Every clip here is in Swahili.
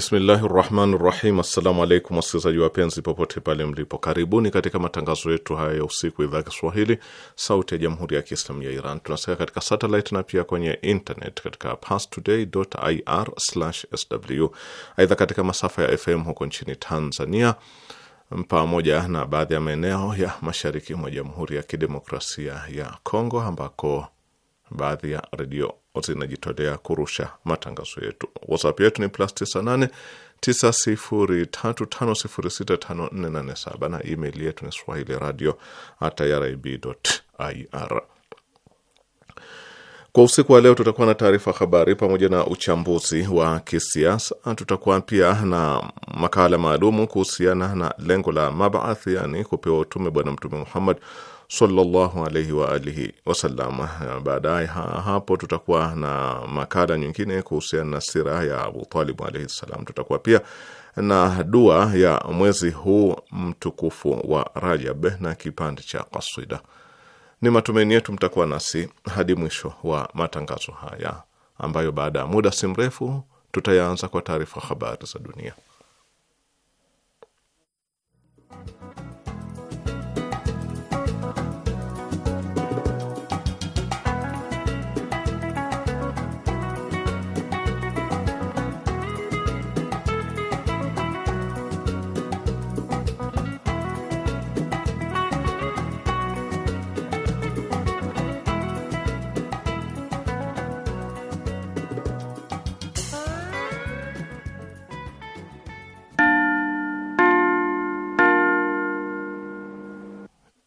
Bismillahi rahmani rahim. Assalamu alaikum wasikilizaji wapenzi, popote pale mlipo, karibuni katika matangazo yetu haya ya usiku, idhaa Kiswahili sauti ya jamhuri ya Kiislamu ya Iran. Tunasika katika satelit na pia kwenye internet katika parstoday.ir/sw. Aidha, katika masafa ya FM huko nchini Tanzania pamoja na baadhi ya maeneo ya mashariki mwa jamhuri ya kidemokrasia ya Kongo ambako baadhi ya redio zinajitolea kurusha matangazo yetu. WhatsApp yetu ni plus 98 9035065487 na email yetu ni swahili radio at irib.ir. Kwa usiku wa leo tutakuwa na taarifa habari pamoja na uchambuzi wa kisiasa. Tutakuwa pia na makala maalumu kuhusiana na lengo la mabaathi, yani kupewa utume Bwana Mtume Muhammad sallallahu alaihi wa alihi wasallam. Baadaye hapo tutakuwa na makala nyingine kuhusiana na sira ya Abu Talib alaihi salam. Tutakuwa pia na dua ya mwezi huu mtukufu wa Rajab na kipande cha kasida. Ni matumaini yetu mtakuwa nasi hadi mwisho wa matangazo haya ambayo baada ya muda si mrefu tutayaanza kwa taarifa habari za dunia.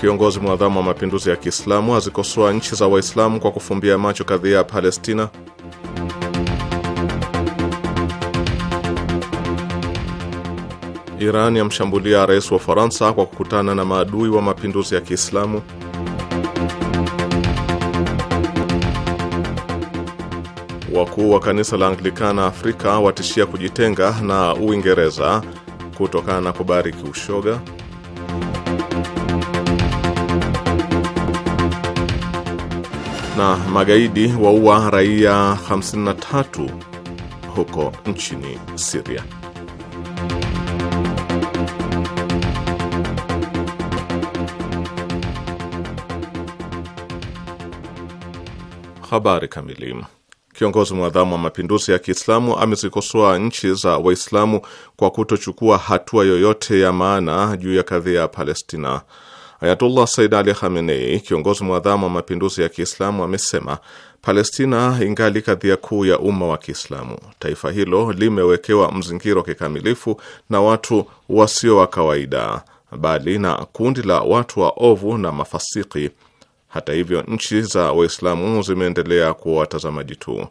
kiongozi mwadhamu wa mapinduzi ya Kiislamu azikosoa nchi za Waislamu kwa kufumbia macho kadhia ya Palestina. Iran yamshambulia rais wa Ufaransa kwa kukutana na maadui wa mapinduzi ya Kiislamu. Wakuu wa kanisa la Anglikana Afrika watishia kujitenga na Uingereza kutokana na kubariki ushoga. na magaidi waua raia 53 huko nchini Siria. Habari kamili. Kiongozi mwadhamu wa mapinduzi ya Kiislamu amezikosoa nchi za Waislamu kwa kutochukua hatua yoyote ya maana juu ya kadhia ya Palestina. Ayatullah Said Ali Khamenei, kiongozi mwadhamu wa mapinduzi ya Kiislamu, amesema Palestina ingali kadhia kuu ya umma wa Kiislamu. Taifa hilo limewekewa mzingiro kikamilifu na watu wasio wa kawaida, bali na kundi la watu wa ovu na mafasiki. Hata hivyo, nchi za Waislamu zimeendelea kuwa watazamaji tu.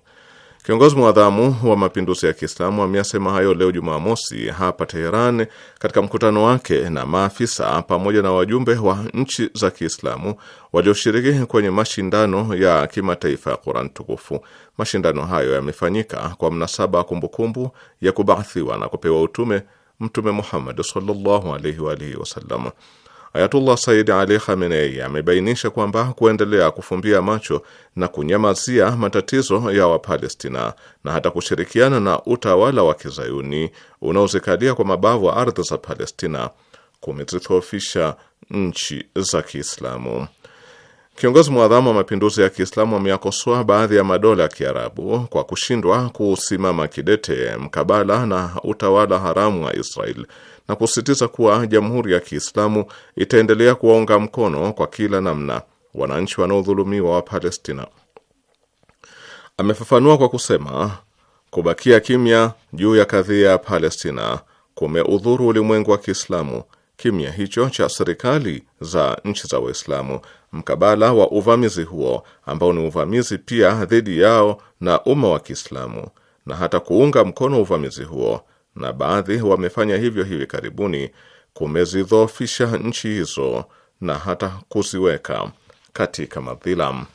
Kiongozi mwadhamu wa mapinduzi ya Kiislamu ameyasema hayo leo Jumamosi hapa Teheran katika mkutano wake na maafisa pamoja na wajumbe wa nchi za Kiislamu walioshiriki kwenye mashindano ya kimataifa ya Quran tukufu. Mashindano hayo yamefanyika kwa mnasaba wa kumbukumbu ya kubaathiwa na kupewa utume Mtume Muhammad sallallahu alaihi wa alihi wasallam. Ayatullah Sayyid Ali Khamenei amebainisha kwamba kuendelea kufumbia macho na kunyamazia matatizo ya Wapalestina na hata kushirikiana na utawala wa kizayuni unaozikalia kwa mabavu wa ardhi za Palestina kumezitofisha nchi za Kiislamu. Kiongozi mwadhamu wa mapinduzi ya Kiislamu ameyakosoa baadhi ya madola ya Kiarabu kwa kushindwa kusimama kidete mkabala na utawala haramu wa Israel na kusisitiza kuwa jamhuri ya Kiislamu itaendelea kuwaunga mkono kwa kila namna wananchi wanaodhulumiwa wa Palestina. Amefafanua kwa kusema kubakia kimya juu ya kadhia ya Palestina kumeudhuru ulimwengu wa Kiislamu kimya hicho cha serikali za nchi za Waislamu mkabala wa uvamizi huo ambao ni uvamizi pia dhidi yao na umma wa Kiislamu na hata kuunga mkono uvamizi huo, na baadhi wamefanya hivyo hivi karibuni, kumezidhoofisha nchi hizo na hata kuziweka katika madhila.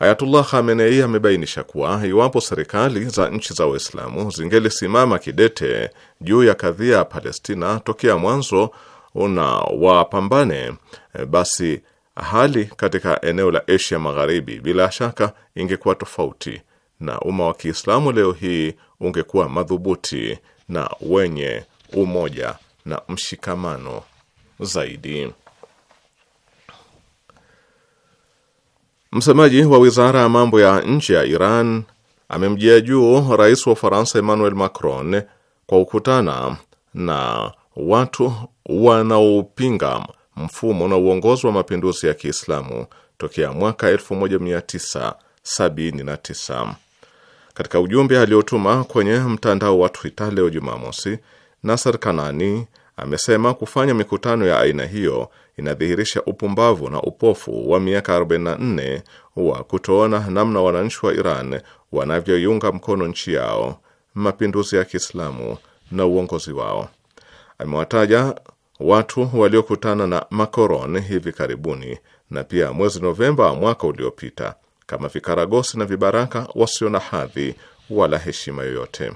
Ayatullah Khamenei amebainisha kuwa iwapo serikali za nchi za Waislamu zingelisimama kidete juu ya kadhia ya Palestina tokea mwanzo una wapambane, e, basi hali katika eneo la Asia Magharibi bila shaka ingekuwa tofauti na umma wa Kiislamu leo hii ungekuwa madhubuti na wenye umoja na mshikamano zaidi. Msemaji wa wizara ya mambo ya nje ya Iran amemjia juu rais wa Ufaransa Emmanuel Macron kwa kukutana na watu wanaopinga mfumo na uongozi wa mapinduzi ya Kiislamu tokea mwaka 1979. Katika ujumbe aliotuma kwenye mtandao wa Twitter leo Jumamosi, Nasser Kanani amesema kufanya mikutano ya aina hiyo inadhihirisha upumbavu na upofu wa miaka 44 wa kutoona namna wananchi wa Iran wanavyoiunga mkono nchi yao, mapinduzi ya Kiislamu na uongozi wao amewataja watu waliokutana na Macron hivi karibuni na pia mwezi Novemba mwaka uliopita kama vikaragosi na vibaraka wasio na hadhi wala heshima yoyote.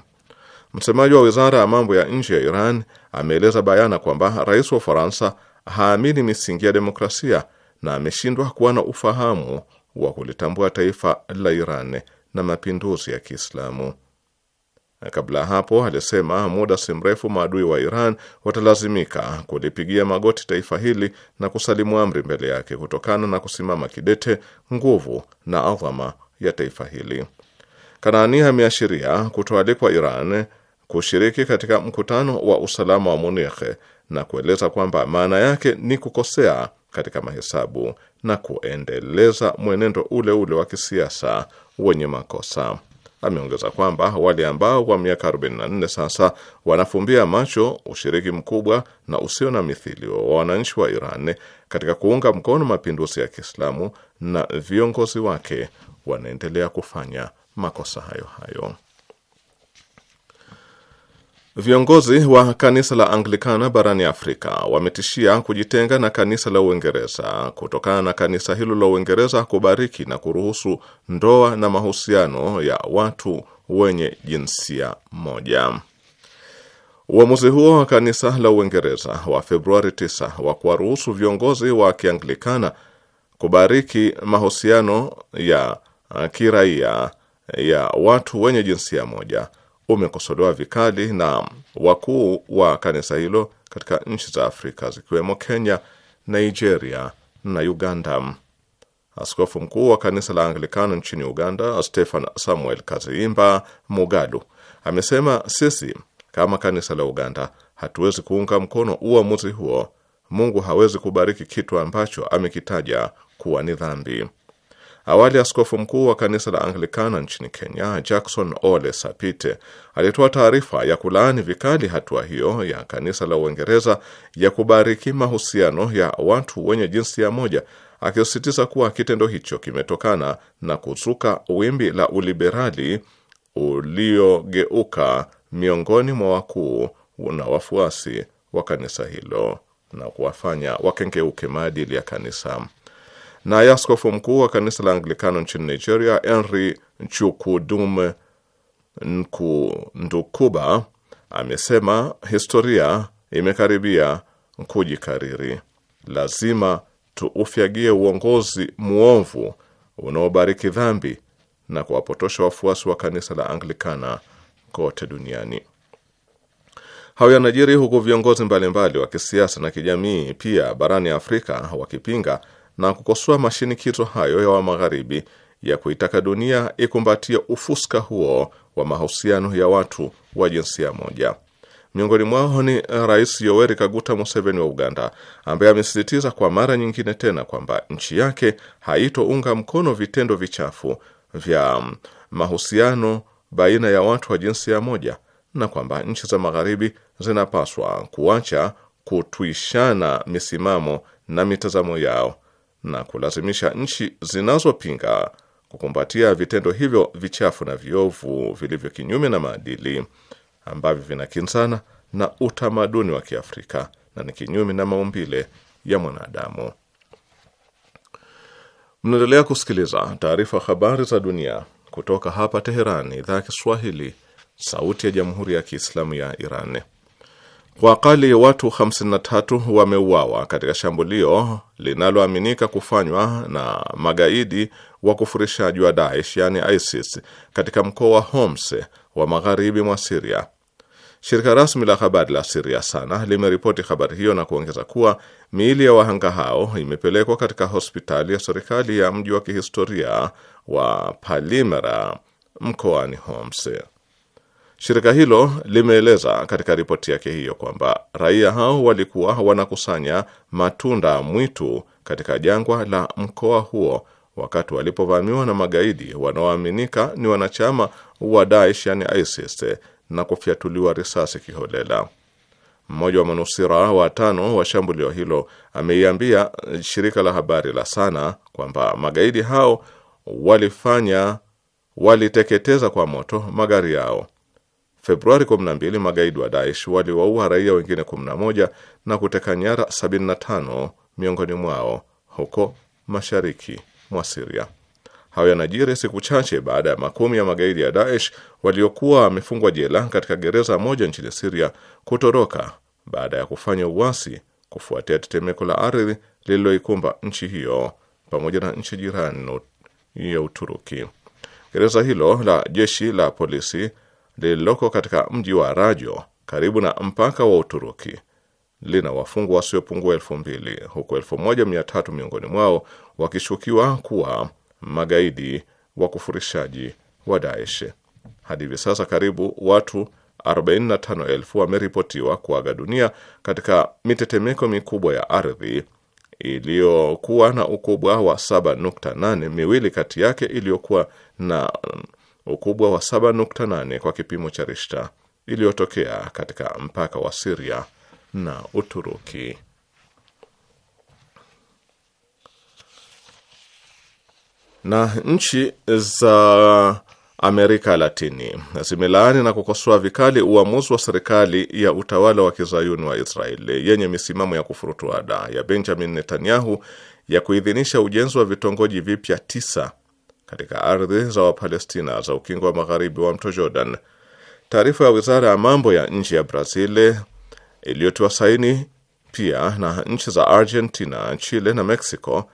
Msemaji wa wizara ya mambo ya nje ya Iran ameeleza bayana kwamba rais wa Ufaransa haamini misingi ya demokrasia na ameshindwa kuwa na ufahamu wa kulitambua taifa la Iran na mapinduzi ya Kiislamu. Kabla ya hapo alisema muda si mrefu maadui wa Iran watalazimika kulipigia magoti taifa hili na kusalimu amri mbele yake kutokana na kusimama kidete nguvu na adhama ya taifa hili. Kanaani ameashiria kutoalikwa Iran kushiriki katika mkutano wa usalama wa Munich na kueleza kwamba maana yake ni kukosea katika mahesabu na kuendeleza mwenendo ule ule wa kisiasa wenye makosa. Ameongeza kwamba wale ambao kwa miaka 44 sasa wanafumbia macho ushiriki mkubwa na usio na mithilio wa wananchi wa Iran katika kuunga mkono mapinduzi ya Kiislamu na viongozi wake wanaendelea kufanya makosa hayo hayo. Viongozi wa kanisa la Anglikana barani Afrika wametishia kujitenga na kanisa la Uingereza kutokana na kanisa hilo la Uingereza kubariki na kuruhusu ndoa na mahusiano ya watu wenye jinsia moja. Uamuzi huo wa kanisa la Uingereza wa Februari 9 wa kuwaruhusu viongozi wa Kianglikana kubariki mahusiano ya kiraia ya watu wenye jinsia moja umekosolewa vikali na wakuu wa kanisa hilo katika nchi za Afrika zikiwemo Kenya, Nigeria na Uganda. Askofu mkuu wa kanisa la Anglikana nchini Uganda, Stephen Samuel Kaziimba Mugalu, amesema sisi kama kanisa la Uganda hatuwezi kuunga mkono uamuzi huo. Mungu hawezi kubariki kitu ambacho amekitaja kuwa ni dhambi. Awali askofu mkuu wa kanisa la Anglikana nchini Kenya, Jackson Ole Sapite, alitoa taarifa ya kulaani vikali hatua hiyo ya kanisa la Uingereza ya kubariki mahusiano ya watu wenye jinsia moja, akisisitiza kuwa kitendo hicho kimetokana na kuzuka wimbi la uliberali uliogeuka miongoni mwa wakuu na wafuasi wa kanisa hilo na kuwafanya wakengeuke maadili ya kanisa na ya askofu mkuu wa kanisa la Anglikano nchini Nigeria, Henry chukudum Ndukuba amesema historia imekaribia kujikariri. Lazima tuufyagie uongozi mwovu unaobariki dhambi na kuwapotosha wafuasi wa kanisa la Anglikana kote duniani. Hayo yanajiri huku viongozi mbalimbali wa kisiasa na kijamii pia barani Afrika wakipinga na kukosoa mashinikizo hayo ya wa magharibi ya kuitaka dunia ikumbatia ufuska huo wa mahusiano ya watu wa jinsia moja. Miongoni mwao ni Rais Yoweri Kaguta Museveni wa Uganda, ambaye amesisitiza kwa mara nyingine tena kwamba nchi yake haitounga mkono vitendo vichafu vya mahusiano baina ya watu wa jinsia moja na kwamba nchi za magharibi zinapaswa kuacha kutwishana misimamo na mitazamo yao na kulazimisha nchi zinazopinga kukumbatia vitendo hivyo vichafu na viovu vilivyo kinyume na maadili ambavyo vinakinzana na utamaduni wa Kiafrika na ni kinyume na maumbile ya mwanadamu. Mnaendelea kusikiliza taarifa habari za dunia kutoka hapa Teheran, idhaa ya Kiswahili, sauti ya jamhuri ya kiislamu ya Iran. Kwa akali watu 53 wameuawa katika shambulio linaloaminika kufanywa na magaidi wa kufurishaji wa Daesh yani ISIS katika mkoa wa Homs wa magharibi mwa Siria. Shirika rasmi la habari la Siria Sana limeripoti habari hiyo na kuongeza kuwa miili ya wahanga hao imepelekwa katika hospitali ya serikali ya mji wa kihistoria wa Palmyra mkoani Homs. Shirika hilo limeeleza katika ripoti yake hiyo kwamba raia hao walikuwa wanakusanya matunda mwitu katika jangwa la mkoa huo wakati walipovamiwa na magaidi wanaoaminika ni wanachama wa Daesh yani ISIS na kufyatuliwa risasi kiholela. Mmoja wa manusira watano wa shambulio hilo ameiambia shirika la habari la Sana kwamba magaidi hao walifanya waliteketeza kwa moto magari yao Februari 12 magaidi wa Daesh waliwaua raia wengine 11 na kuteka nyara 75 miongoni mwao huko mashariki mwa Siria. Hayo yanajiri siku chache baada ya makumi ya magaidi ya Daesh waliokuwa wamefungwa jela katika gereza moja nchini Siria kutoroka baada ya kufanya uasi kufuatia tetemeko la ardhi lililoikumba nchi hiyo pamoja na nchi jirani ya Uturuki. Gereza hilo la jeshi la polisi lililoko katika mji wa Rajo karibu na mpaka wa Uturuki lina wafungwa wasiopungua elfu mbili huku elfu moja mia tatu miongoni mwao wakishukiwa kuwa magaidi wa kufurishaji wa Daesh. Hadi hivi sasa karibu watu 45,000 wameripotiwa kuaga dunia katika mitetemeko mikubwa ya ardhi iliyokuwa na ukubwa wa 7.8, miwili kati yake iliyokuwa na ukubwa wa 7.8 kwa kipimo cha Richter iliyotokea katika mpaka wa Siria na Uturuki. Na nchi za Amerika Latini zimelaani na kukosoa vikali uamuzi wa serikali ya utawala wa kizayuni wa Israeli yenye misimamo ya kufurutu ada ya Benjamin Netanyahu ya kuidhinisha ujenzi wa vitongoji vipya tisa katika ardhi za Wapalestina za ukingo wa magharibi wa mto Jordan. Taarifa ya wizara ya mambo ya nje ya Brazil iliyotiwa saini pia na nchi za Argentina, Chile na Mexico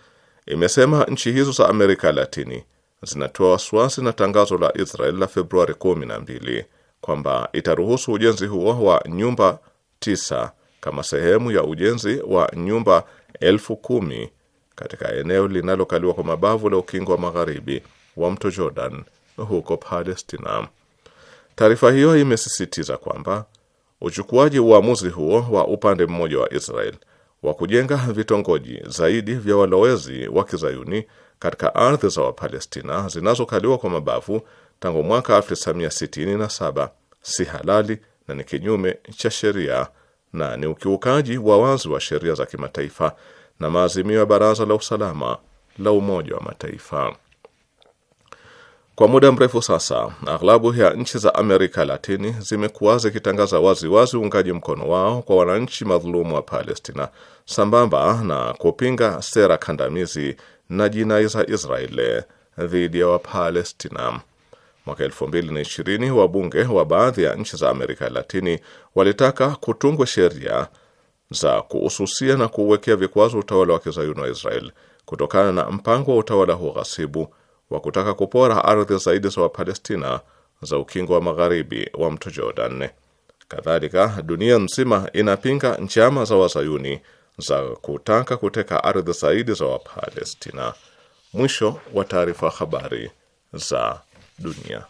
imesema nchi hizo za Amerika Latini zinatoa wasiwasi na tangazo la Israel la Februari 12 kwamba itaruhusu ujenzi huo wa nyumba tisa kama sehemu ya ujenzi wa nyumba elfu kumi katika eneo linalokaliwa kwa mabavu la ukingo wa magharibi wa mto Jordan huko Palestina. Taarifa hiyo imesisitiza kwamba uchukuaji uamuzi huo wa upande mmoja wa Israel wa kujenga vitongoji zaidi vya walowezi wa kizayuni katika ardhi za Wapalestina zinazokaliwa kwa mabavu tangu mwaka 1967 si halali na ni kinyume cha sheria na ni ukiukaji wa wazi wa sheria za kimataifa na maazimio ya Baraza la Usalama la Umoja wa Mataifa. Kwa muda mrefu sasa, aghlabu ya nchi za Amerika Latini zimekuwa zikitangaza waziwazi uungaji mkono wao kwa wananchi madhulumu wa Palestina, sambamba na kupinga sera kandamizi na jinai za Israeli dhidi ya Wapalestina. Mwaka elfu mbili na ishirini wabunge wa baadhi ya nchi za Amerika Latini walitaka kutungwa sheria za kuhususia na kuuwekea vikwazo utawala wa kizayuni wa Israel kutokana na mpango wa utawala huo ghasibu wa kutaka kupora ardhi zaidi za Wapalestina za ukingo wa magharibi wa mto Jordan. Kadhalika, dunia nzima inapinga njama za wazayuni za kutaka kuteka ardhi zaidi za Wapalestina. Mwisho wa taarifa. Habari za dunia.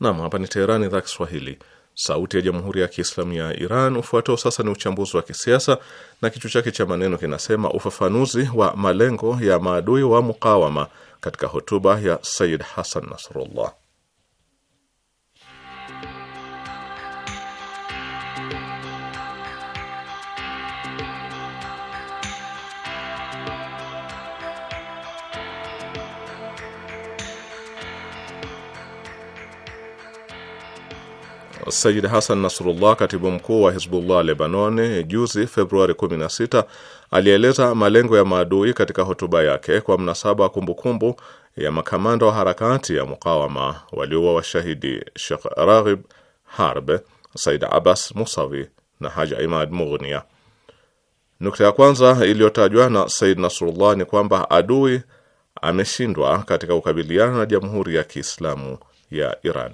Nam, hapa ni Teherani, idhaa Kiswahili, sauti ya jamhuri ya kiislamu ya Iran. Ufuatao sasa ni uchambuzi wa kisiasa na kichwa chake cha maneno kinasema ufafanuzi wa malengo ya maadui wa mukawama katika hotuba ya Sayyid Hassan Nasrullah. Sayid Hasan Nasrullah, katibu mkuu wa Hizbullah Lebanon, juzi Februari 16 alieleza malengo ya maadui katika hotuba yake kwa mnasaba wa kumbukumbu ya makamanda wa harakati ya mukawama walioua washahidi Shekh Raghib Harb, Said Abbas Musawi na haj Imad Mughnia. Nukta ya kwanza iliyotajwa na Said Nasrullah ni kwamba adui ameshindwa katika kukabiliana na Jamhuri ya Kiislamu ya Iran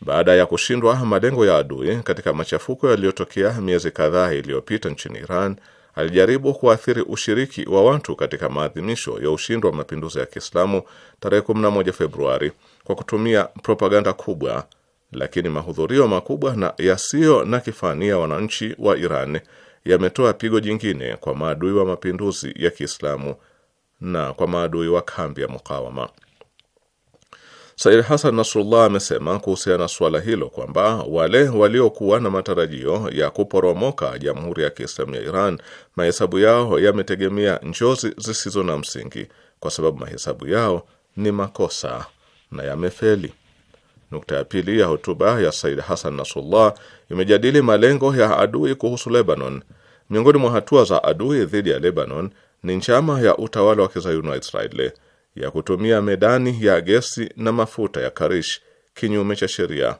baada ya kushindwa malengo ya adui katika machafuko yaliyotokea miezi kadhaa iliyopita nchini Iran, alijaribu kuathiri ushiriki wa watu katika maadhimisho ya ushindi wa mapinduzi ya Kiislamu tarehe 11 Februari kwa kutumia propaganda kubwa, lakini mahudhurio makubwa na yasiyo na kifani ya wananchi wa Iran yametoa pigo jingine kwa maadui wa mapinduzi ya Kiislamu na kwa maadui wa kambi ya mukawama. Said Hasan Nasrullah amesema kuhusiana na suala hilo kwamba wale waliokuwa na matarajio ya kuporomoka Jamhuri ya Kiislamu ya Iran, mahesabu yao yametegemea njozi zisizo na msingi, kwa sababu mahesabu yao ni makosa na yamefeli. Nukta ya pili ya hotuba ya Said Hasan Nasrullah imejadili malengo ya adui kuhusu Lebanon. Miongoni mwa hatua za adui dhidi ya Lebanon ni njama ya utawala wa kizayuni wa Israeli ya kutumia medani ya gesi na mafuta ya Karish kinyume cha sheria.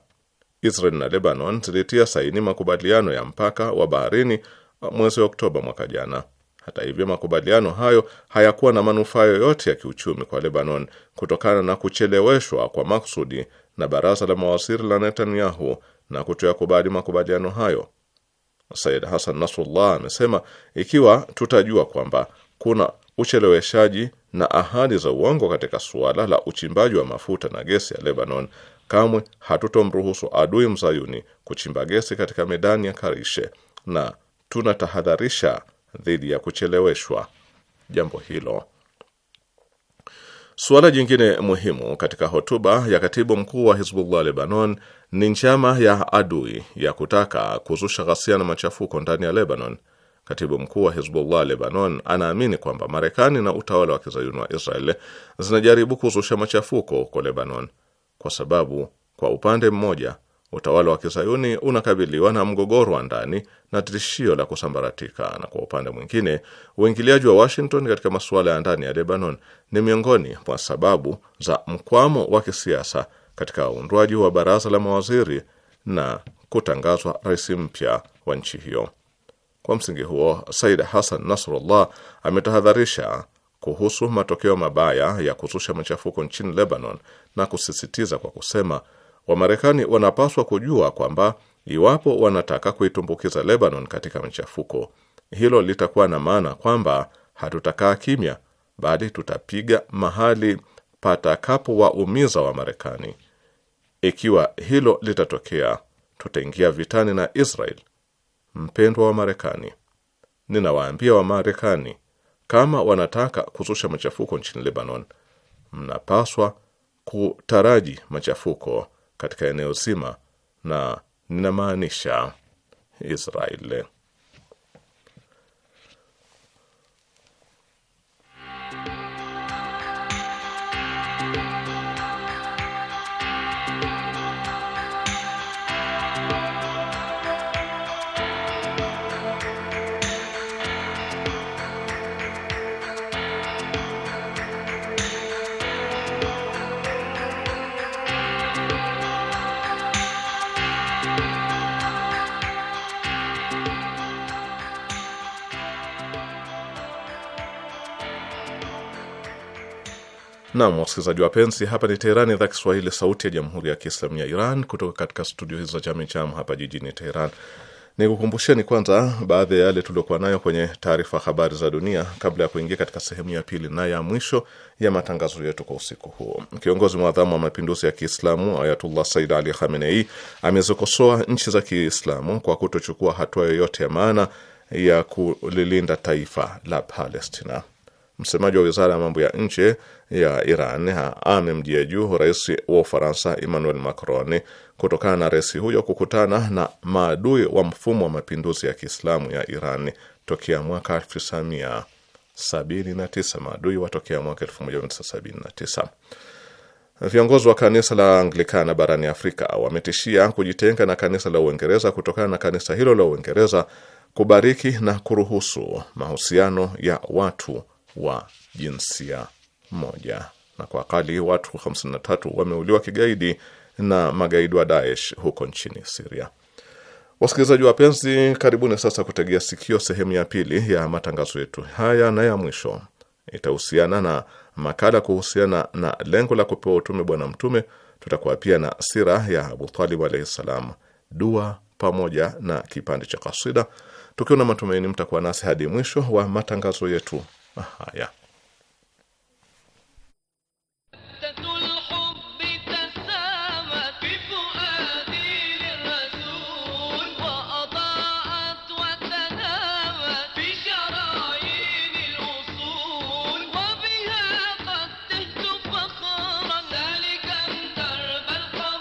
Israel na Lebanon zilitia saini makubaliano ya mpaka wa baharini uh, mwezi wa Oktoba mwaka jana. Hata hivyo, makubaliano hayo hayakuwa na manufaa yoyote ya kiuchumi kwa Lebanon kutokana na kucheleweshwa kwa maksudi na baraza la mawaziri la Netanyahu na kutoyakubali makubaliano hayo. Said Hassan Nasrullah amesema, ikiwa tutajua kwamba kuna ucheleweshaji na ahadi za uongo katika suala la uchimbaji wa mafuta na gesi ya Lebanon, kamwe hatutomruhusu adui mzayuni kuchimba gesi katika medani ya Karishe, na tunatahadharisha dhidi ya kucheleweshwa jambo hilo. Suala jingine muhimu katika hotuba ya katibu mkuu wa Hizbullah Lebanon ni njama ya adui ya kutaka kuzusha ghasia na machafuko ndani ya Lebanon. Katibu mkuu wa Hizbullah Lebanon anaamini kwamba Marekani na utawala wa kizayuni wa Israel zinajaribu kuzusha machafuko huko Lebanon, kwa sababu kwa upande mmoja utawala wa kizayuni unakabiliwa na mgogoro wa ndani na tishio la kusambaratika, na kwa upande mwingine uingiliaji wa Washington katika masuala ya ndani ya Lebanon ni miongoni mwa sababu za mkwamo wa kisiasa katika uundwaji wa baraza la mawaziri na kutangazwa rais mpya wa nchi hiyo. Kwa msingi huo, Said Hassan Nasrullah ametahadharisha kuhusu matokeo mabaya ya kuzusha machafuko nchini Lebanon na kusisitiza kwa kusema, Wamarekani wanapaswa kujua kwamba iwapo wanataka kuitumbukiza Lebanon katika machafuko, hilo litakuwa na maana kwamba hatutakaa kimya, bali tutapiga mahali patakapowaumiza marekani Ikiwa hilo litatokea, tutaingia vitani na Israel Mpendwa wa Marekani, ninawaambia Wamarekani, kama wanataka kuzusha machafuko nchini Lebanon, mnapaswa kutaraji machafuko katika eneo zima, na ninamaanisha Israeli. Nam, wasikilizaji wapenzi, hapa ni Teherani, idhaa Kiswahili, sauti ya jamhuri ya kiislamu ya Iran, kutoka katika studio hizo za Chamicham hapa jijini Teheran. Nikukumbusheni kwanza baadhi ya yale tuliokuwa nayo kwenye taarifa habari za dunia kabla ya kuingia katika sehemu ya pili na ya mwisho ya matangazo yetu kwa usiku huo. Kiongozi mwadhamu wa mapinduzi ya Kiislamu Ayatullah Said Ali Khamenei amezikosoa nchi za Kiislamu kwa kutochukua hatua yoyote ya maana ya kulilinda taifa la Palestina. Msemaji wa wizara ya mambo ya nje ya Iran amemjia juu rais wa Ufaransa Emmanuel Macron kutokana na rais huyo kukutana na maadui wa mfumo wa mapinduzi ya Kiislamu ya Iran tokea mwaka 1979 maadui watokea mwaka 1979. Viongozi wa kanisa la Anglikana barani Afrika wametishia kujitenga na kanisa la Uingereza kutokana na kanisa hilo la Uingereza kubariki na kuruhusu mahusiano ya watu wa jinsia moja, na kwa akali watu 53 wameuliwa kigaidi na magaidi wa Daesh huko nchini Siria. Wasikilizaji wapenzi, karibuni sasa kutegea sikio sehemu ya pili ya matangazo yetu haya, na ya mwisho itahusiana na makala kuhusiana na lengo la kupewa utume Bwana Mtume. Tutakuwa pia na sira ya Abutalib alaihi ssalam, dua pamoja na kipande cha kasida, tukiwa na matumaini mtakuwa nasi hadi mwisho wa matangazo yetu Haya.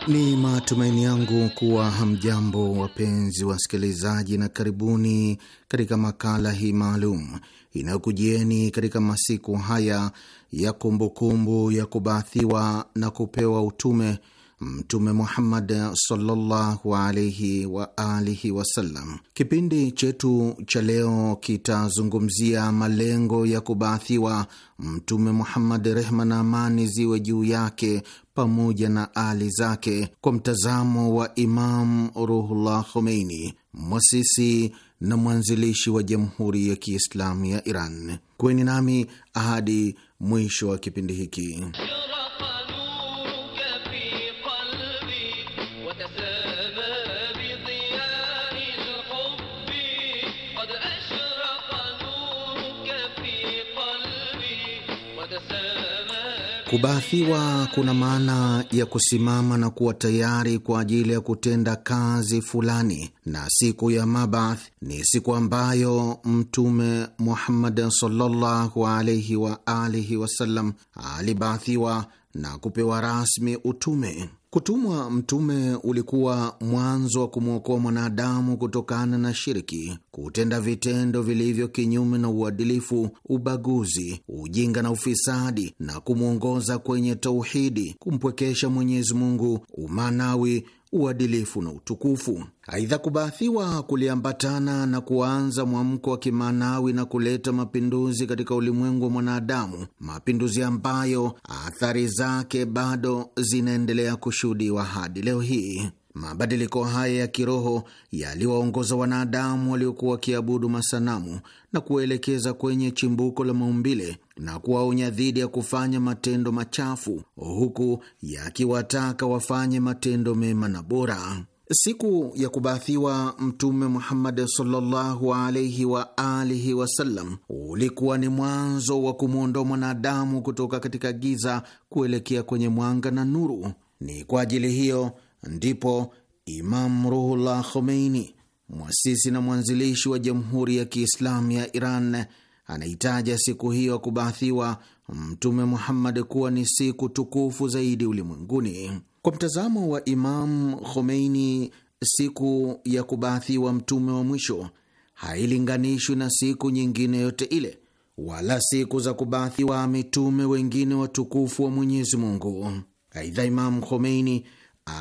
Ni matumaini yangu kuwa hamjambo wapenzi wasikilizaji, na karibuni katika makala hii maalum inayokujieni katika masiku haya ya kumbukumbu kumbu ya kubaathiwa na kupewa utume Mtume Muhammad sallallahu alaihi wa alihi wasallam. Kipindi chetu cha leo kitazungumzia malengo ya kubaathiwa Mtume Muhammad, rehma na amani ziwe juu yake pamoja na ali zake, kwa mtazamo wa Imam Ruhullah Khomeini, mwasisi na mwanzilishi wa Jamhuri ya Kiislamu ya Iran. kweni nami ahadi mwisho wa kipindi hiki. Kubaathiwa kuna maana ya kusimama na kuwa tayari kwa ajili ya kutenda kazi fulani, na siku ya mabath ni siku ambayo Mtume Muhammad sallallahu alaihi wa alihi wasallam alibaathiwa na kupewa rasmi utume. Kutumwa mtume ulikuwa mwanzo wa kumwokoa mwanadamu kutokana na shirki, kutenda vitendo vilivyo kinyume na uadilifu, ubaguzi, ujinga na ufisadi, na kumwongoza kwenye tauhidi, kumpwekesha Mwenyezi Mungu, umanawi uadilifu na utukufu. Aidha, kubaathiwa kuliambatana na kuanza mwamko wa kimaanawi na kuleta mapinduzi katika ulimwengu wa mwanadamu, mapinduzi ambayo athari zake bado zinaendelea kushuhudiwa hadi leo hii. Mabadiliko haya ya kiroho yaliwaongoza wanadamu waliokuwa wakiabudu masanamu na kuelekeza kwenye chimbuko la maumbile na kuwaonya dhidi ya kufanya matendo machafu, huku yakiwataka wafanye matendo mema na bora. Siku ya kubathiwa Mtume Muhammad sallallahu alaihi wa alihi wasallam ulikuwa ni mwanzo wa kumwondoa mwanadamu kutoka katika giza kuelekea kwenye mwanga na nuru. Ni kwa ajili hiyo ndipo Imam Ruhullah Khomeini, mwasisi na mwanzilishi wa Jamhuri ya Kiislamu ya Iran, anaitaja siku hiyo kubaathiwa Mtume Muhammad kuwa ni siku tukufu zaidi ulimwenguni. Kwa mtazamo wa Imam Khomeini, siku ya kubaathiwa mtume wa mwisho hailinganishwi na siku nyingine yote ile wala siku za kubaathiwa mitume wengine watukufu wa Mwenyezi Mungu. Aidha, Imam Khomeini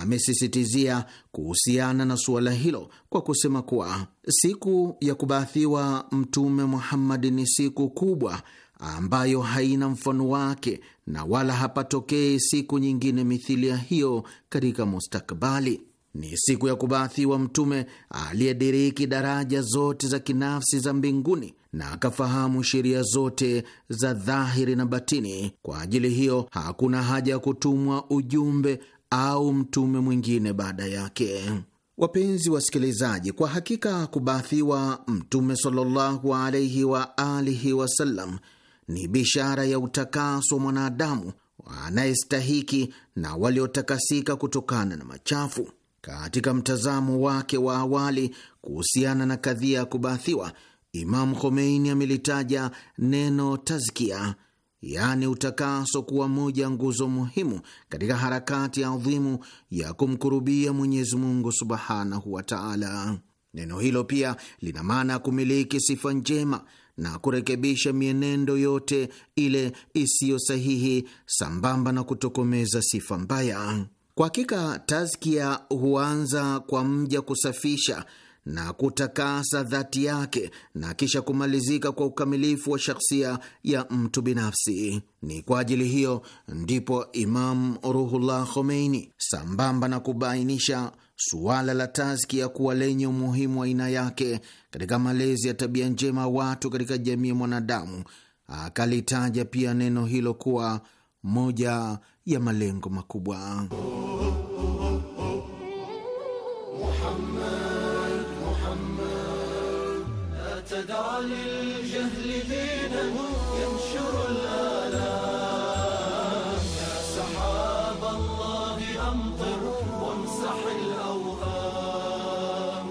amesisitizia kuhusiana na suala hilo kwa kusema kuwa siku ya kubaathiwa Mtume Muhammadi ni siku kubwa ambayo haina mfano wake na wala hapatokei siku nyingine mithilia hiyo katika mustakbali. Ni siku ya kubaathiwa mtume aliyediriki daraja zote za kinafsi za mbinguni na akafahamu sheria zote za dhahiri na batini. Kwa ajili hiyo, hakuna haja ya kutumwa ujumbe au mtume mwingine baada yake. Wapenzi wasikilizaji, kwa hakika kubathiwa Mtume sallallahu alaihi wa alihi wasallam ni bishara ya utakaso wa mwanadamu anayestahiki na waliotakasika kutokana na machafu. Katika mtazamo wake wa awali kuhusiana na kadhia ya kubathiwa, Imamu Khomeini amelitaja neno tazkia yaani utakaso, kuwa moja nguzo muhimu katika harakati adhimu ya kumkurubia Mwenyezi Mungu subhanahu wa taala. Neno hilo pia lina maana ya kumiliki sifa njema na kurekebisha mienendo yote ile isiyo sahihi, sambamba na kutokomeza sifa mbaya. Kwa hakika tazkia huanza kwa mja kusafisha na kutakasa dhati yake na kisha kumalizika kwa ukamilifu wa shakhsia ya mtu binafsi. Ni kwa ajili hiyo ndipo Imam Ruhullah Khomeini, sambamba na kubainisha suala la ya kuwa lenye umuhimu wa aina yake katika malezi ya tabia njema watu katika jamii ya mwanadamu, akalitaja pia neno hilo kuwa moja ya malengo makubwa Muhammad. للجهل دينه ينشر الآلام يا سحاب الله أمطر وامسح الأوهام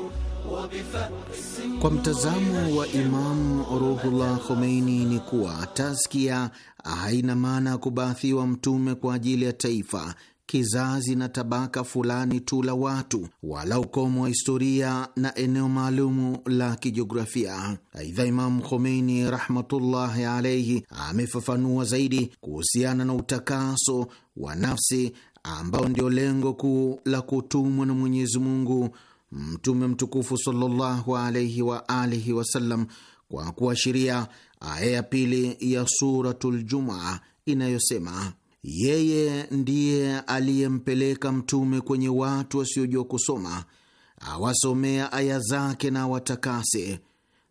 وبفأس Kwa mtazamo wa Imam Ruhullah Khomeini ni kuwa taskia haina maana ya kubaathiwa mtume kwa ajili ya taifa kizazi na tabaka fulani tu la watu wala ukomo wa historia na eneo maalumu la kijiografia. Aidha, Imamu Khomeini rahmatullahi alaihi amefafanua zaidi kuhusiana na utakaso wa nafsi ambao ndio lengo kuu la kutumwa na Mwenyezi Mungu Mtume mtukufu sallallahu alaihi wa alihi wasallam kwa kuashiria aya ya pili ya Suratul Jumaa inayosema yeye ndiye aliyempeleka mtume kwenye watu wasiojua kusoma, awasomea aya zake na awatakase,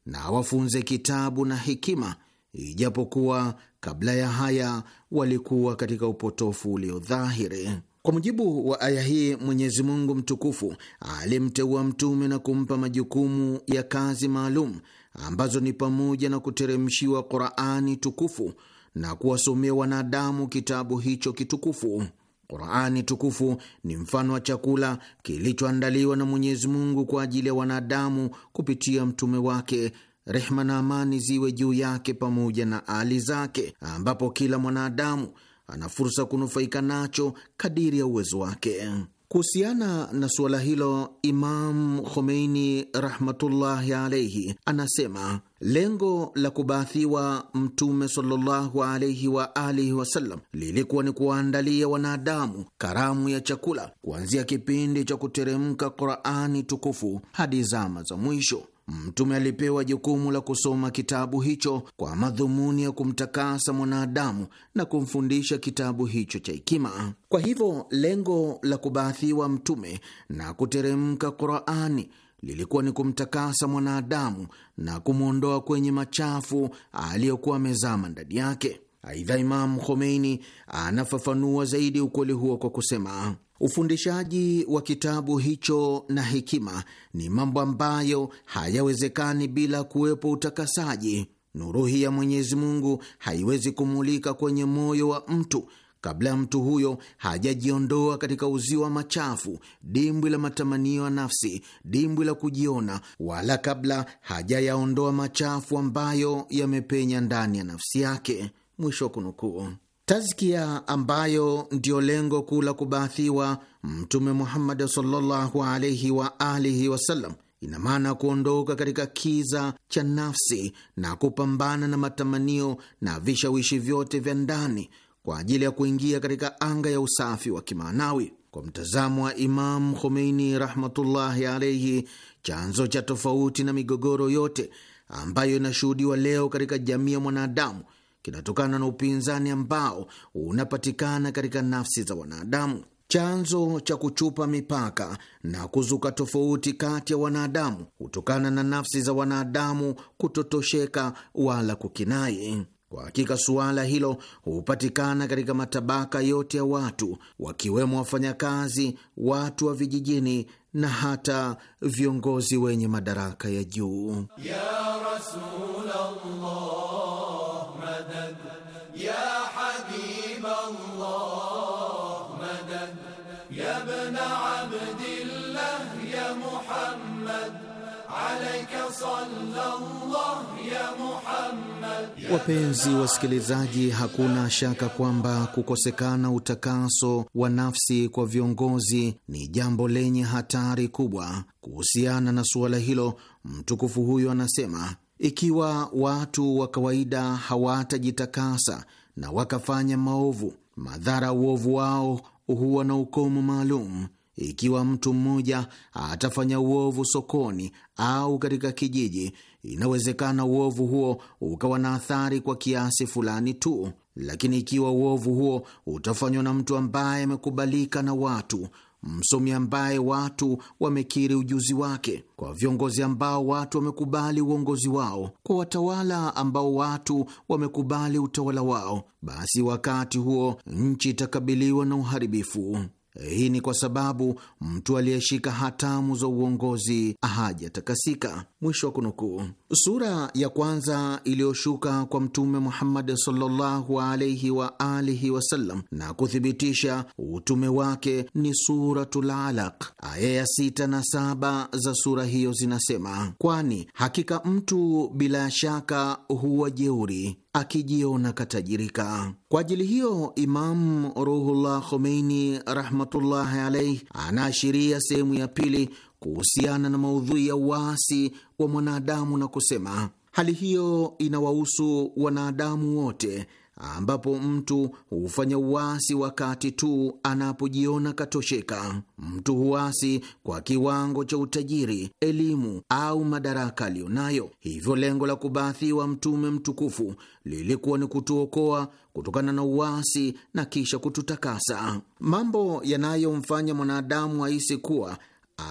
na awafunze kitabu na hekima, ijapokuwa kabla ya haya walikuwa katika upotofu ulio dhahiri. Kwa mujibu wa aya hii, Mwenyezi Mungu mtukufu alimteua mtume na kumpa majukumu ya kazi maalum ambazo ni pamoja na kuteremshiwa Qur'ani tukufu na kuwasomea wanadamu kitabu hicho kitukufu. Qurani tukufu ni mfano wa chakula kilichoandaliwa na Mwenyezi Mungu kwa ajili ya wanadamu kupitia mtume wake, rehma na amani ziwe juu yake pamoja na ali zake, ambapo kila mwanadamu ana fursa kunufaika nacho kadiri ya uwezo wake. Kuhusiana na suala hilo, Imam Khomeini rahmatullahi alaihi anasema lengo la kubaathiwa Mtume sallallahu alaihi wa alihi wasallam lilikuwa ni kuwaandalia wanadamu karamu ya chakula kuanzia kipindi cha kuteremka Qurani tukufu hadi zama za mwisho. Mtume alipewa jukumu la kusoma kitabu hicho kwa madhumuni ya kumtakasa mwanadamu na kumfundisha kitabu hicho cha hekima. Kwa hivyo lengo la kubaathiwa mtume na kuteremka Qurani lilikuwa ni kumtakasa mwanadamu na kumwondoa kwenye machafu aliyokuwa amezama ndani yake. Aidha, Imamu Khomeini anafafanua zaidi ukweli huo kwa kusema Ufundishaji wa kitabu hicho na hekima ni mambo ambayo hayawezekani bila kuwepo utakasaji. Nuru hii ya Mwenyezi Mungu haiwezi kumulika kwenye moyo wa mtu kabla ya mtu huyo hajajiondoa katika uzio wa machafu, dimbwi la matamanio ya nafsi, dimbwi la kujiona, wala kabla hajayaondoa machafu ambayo yamepenya ndani ya nafsi yake. Mwisho kunukuu. Tazkia ambayo ndiyo lengo kuu la kubaathiwa Mtume Muhammad sallallahu alaihi wa alihi wasallam ina maana kuondoka katika kiza cha nafsi na kupambana na matamanio na vishawishi vyote vya ndani kwa ajili ya kuingia katika anga ya usafi wa kimaanawi. Kwa mtazamo wa Imam Khomeini rahmatullahi alaihi, chanzo cha tofauti na migogoro yote ambayo inashuhudiwa leo katika jamii ya mwanadamu kinatokana na upinzani ambao unapatikana katika nafsi za wanadamu. Chanzo cha kuchupa mipaka na kuzuka tofauti kati ya wanadamu hutokana na nafsi za wanadamu kutotosheka wala kukinai. Kwa hakika suala hilo hupatikana katika matabaka yote ya watu, wakiwemo wafanyakazi, watu wa vijijini na hata viongozi wenye madaraka ya juu ya Wapenzi wasikilizaji, hakuna shaka kwamba kukosekana utakaso wa nafsi kwa viongozi ni jambo lenye hatari kubwa. Kuhusiana na suala hilo, mtukufu huyo anasema: ikiwa watu wa kawaida hawatajitakasa na wakafanya maovu, madhara uovu wao huwa na ukomo maalum. Ikiwa mtu mmoja atafanya uovu sokoni au katika kijiji, inawezekana uovu huo ukawa na athari kwa kiasi fulani tu, lakini ikiwa uovu huo utafanywa na mtu ambaye amekubalika na watu msomi ambaye watu wamekiri ujuzi wake, kwa viongozi ambao watu wamekubali uongozi wao, kwa watawala ambao watu wamekubali utawala wao, basi wakati huo nchi itakabiliwa na uharibifu. Hii ni kwa sababu mtu aliyeshika hatamu za uongozi hajatakasika. Mwisho wa kunukuu. Sura ya kwanza iliyoshuka kwa Mtume Muhammad sallallahu alaihi wa alihi wasallam na kuthibitisha utume wake ni Suratul Alaq. Aya ya sita na saba za sura hiyo zinasema, kwani hakika mtu bila shaka huwa jeuri akijiona katajirika. Kwa ajili hiyo, Imam Ruhullah Khomeini rahmatullah alaih anaashiria sehemu ya pili kuhusiana na maudhui ya uasi wa mwanadamu na kusema hali hiyo inawahusu wanadamu wote ambapo mtu hufanya uasi wakati tu anapojiona katosheka. Mtu huasi kwa kiwango cha utajiri, elimu au madaraka aliyonayo. Hivyo lengo la kubaathiwa Mtume mtukufu lilikuwa ni kutuokoa kutokana na uasi na kisha kututakasa. Mambo yanayomfanya mwanadamu ahisi kuwa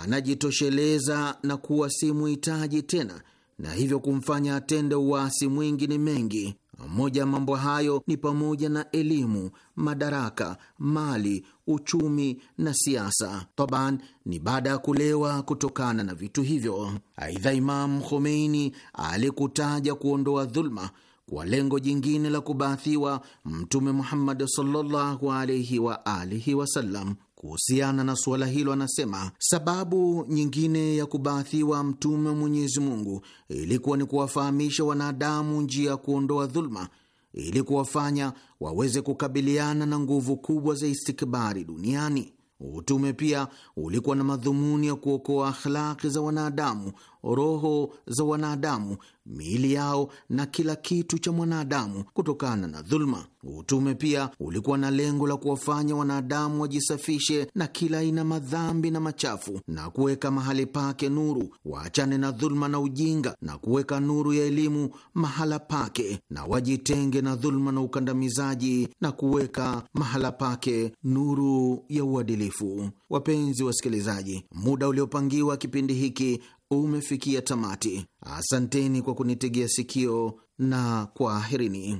anajitosheleza na kuwa si muhitaji tena, na hivyo kumfanya atende uasi mwingi ni mengi moja ya mambo hayo ni pamoja na elimu, madaraka, mali, uchumi na siasa. Taban ni baada ya kulewa kutokana na vitu hivyo. Aidha, Imamu Khomeini alikutaja kuondoa dhulma kwa lengo jingine la kubaathiwa Mtume Muhammad sallallahu alaihi wa alihi wasallam. Kuhusiana na suala hilo, anasema sababu nyingine ya kubaathiwa mtume wa Mwenyezi Mungu ilikuwa ni kuwafahamisha wanadamu njia ya kuondoa dhuluma ili kuwafanya waweze kukabiliana na nguvu kubwa za istikbari duniani. Utume pia ulikuwa na madhumuni ya kuokoa akhlaki za wanadamu roho za wanadamu, miili yao na kila kitu cha mwanadamu kutokana na dhuluma. Utume pia ulikuwa na lengo la kuwafanya wanadamu wajisafishe na kila aina madhambi na machafu na kuweka mahali pake nuru, waachane na dhuluma na ujinga na kuweka nuru ya elimu mahala pake, na wajitenge na dhuluma na ukandamizaji na kuweka mahala pake nuru ya uadilifu. Wapenzi wasikilizaji, muda uliopangiwa kipindi hiki umefikia tamati. Asanteni kwa kunitegea sikio na kwaherini.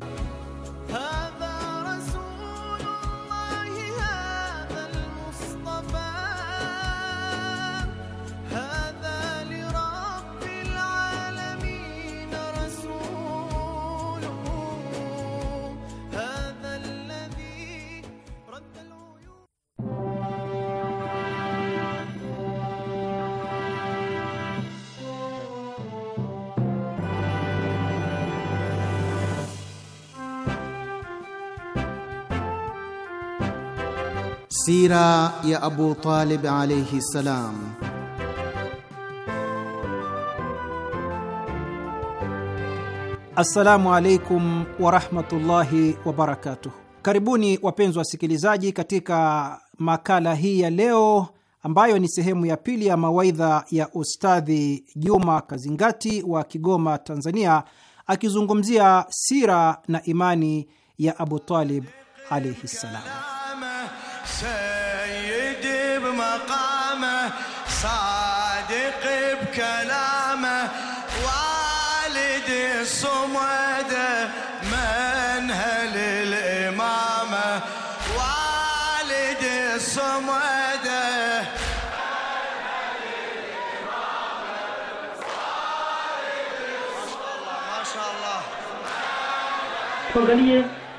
Sira ya Abu Talib alayhi salam. Assalamu rahmatullahi warahmatullahi wabarakatuh. Karibuni wapenzi wasikilizaji, katika makala hii ya leo ambayo ni sehemu ya pili ya mawaidha ya Ustadhi Juma Kazingati wa Kigoma, Tanzania, akizungumzia sira na imani ya Abu Talib alaihi ssalam. سيد بمقامه صادق بكلامه والدي صمده منهل الإمامة والدي صمده ما شاء الله